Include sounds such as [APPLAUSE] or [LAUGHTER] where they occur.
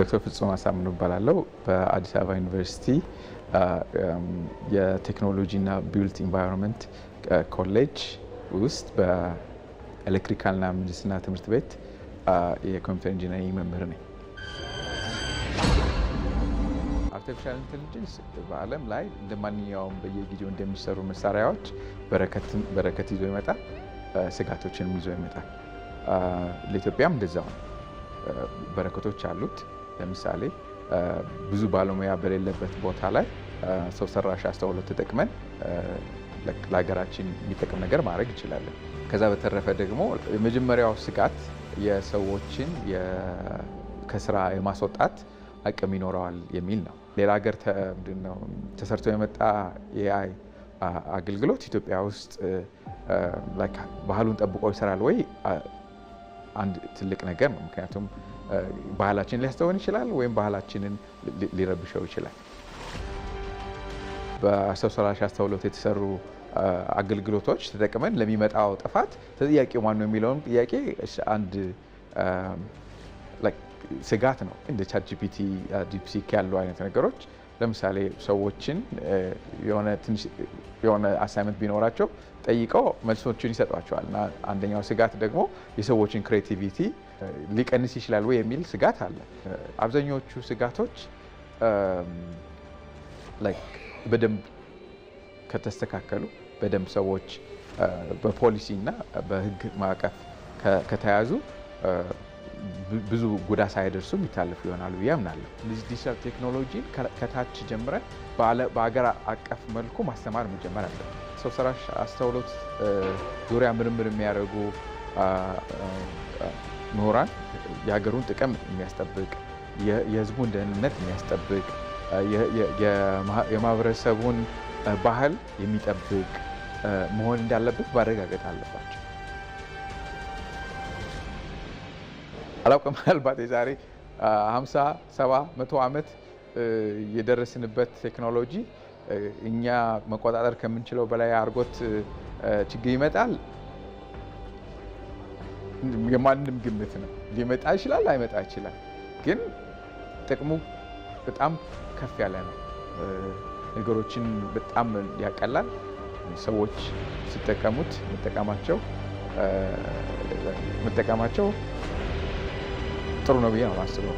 ዶክተር ፍጹም አሳምነው እባላለሁ በአዲስ አበባ ዩኒቨርሲቲ የቴክኖሎጂና ቢልት ኢንቫይሮንመንት ኮሌጅ ውስጥ በኤሌክትሪካልና ምህንድስና ትምህርት ቤት የኮምፒውተር ኢንጂነሪንግ መምህር ነኝ። አርቲፊሻል ኢንቴሊጀንስ በዓለም ላይ እንደ ማንኛውም በየጊዜው እንደሚሰሩ መሳሪያዎች በረከት ይዞ ይመጣል፣ ስጋቶችንም ይዞ ይመጣል። ለኢትዮጵያም እንደዛው ነው። በረከቶች አሉት ለምሳሌ ብዙ ባለሙያ በሌለበት ቦታ ላይ ሰው ሰራሽ አስተውሎት ተጠቅመን ለሀገራችን የሚጠቅም ነገር ማድረግ እንችላለን። ከዛ በተረፈ ደግሞ የመጀመሪያው ስጋት የሰዎችን ከስራ የማስወጣት አቅም ይኖረዋል የሚል ነው። ሌላ ሀገር ተሰርቶ የመጣ ኤአይ አገልግሎት ኢትዮጵያ ውስጥ ባህሉን ጠብቆ ይሰራል ወይ? አንድ ትልቅ ነገር ነው። ምክንያቱም ባህላችንን ሊያስተውን ይችላል ወይም ባህላችንን ሊረብሸው ይችላል። በሰው ሰራሽ አስተውሎት የተሰሩ አገልግሎቶች ተጠቅመን ለሚመጣው ጥፋት ተጠያቂው ማን ነው የሚለውን ጥያቄ አንድ ስጋት ነው። እንደ ቻት ጂፒቲ፣ ዲፕሲክ ያሉ አይነት ነገሮች ለምሳሌ ሰዎችን የሆነ አሳይመንት ቢኖራቸው ጠይቀው መልሶችን ይሰጧቸዋል እና አንደኛው ስጋት ደግሞ የሰዎችን ክሬቲቪቲ ሊቀንስ ይችላል ወይ የሚል ስጋት አለ። አብዛኛዎቹ ስጋቶች በደንብ ከተስተካከሉ በደንብ ሰዎች በፖሊሲ እና በሕግ ማዕቀፍ ከተያዙ ብዙ ጉዳት ሳይደርሱ የሚታለፉ ይሆናሉ ብዬ አምናለሁ። ዲጂታል ቴክኖሎጂን ከታች ጀምረን በሀገር አቀፍ መልኩ ማስተማር መጀመር አለ። ሰው ሰራሽ አስተውሎት ዙሪያ ምርምር የሚያደርጉ ምሁራን የሀገሩን ጥቅም የሚያስጠብቅ የህዝቡን ደህንነት የሚያስጠብቅ የማህበረሰቡን ባህል የሚጠብቅ መሆን እንዳለበት ማረጋገጥ አለባቸው። አላውቅም [LAUGHS] ምናልባት የዛሬ 50 70 መቶ ዓመት የደረስንበት ቴክኖሎጂ እኛ መቆጣጠር ከምንችለው በላይ አድርጎት ችግር ይመጣል። የማንም ግምት ነው። ሊመጣ ይችላል፣ አይመጣ ይችላል። ግን ጥቅሙ በጣም ከፍ ያለ ነው። ነገሮችን በጣም ያቀላል። ሰዎች ሲጠቀሙት መጠቀማቸው መጠቀማቸው ጥሩ ነው ብዬ ነው የማስበው።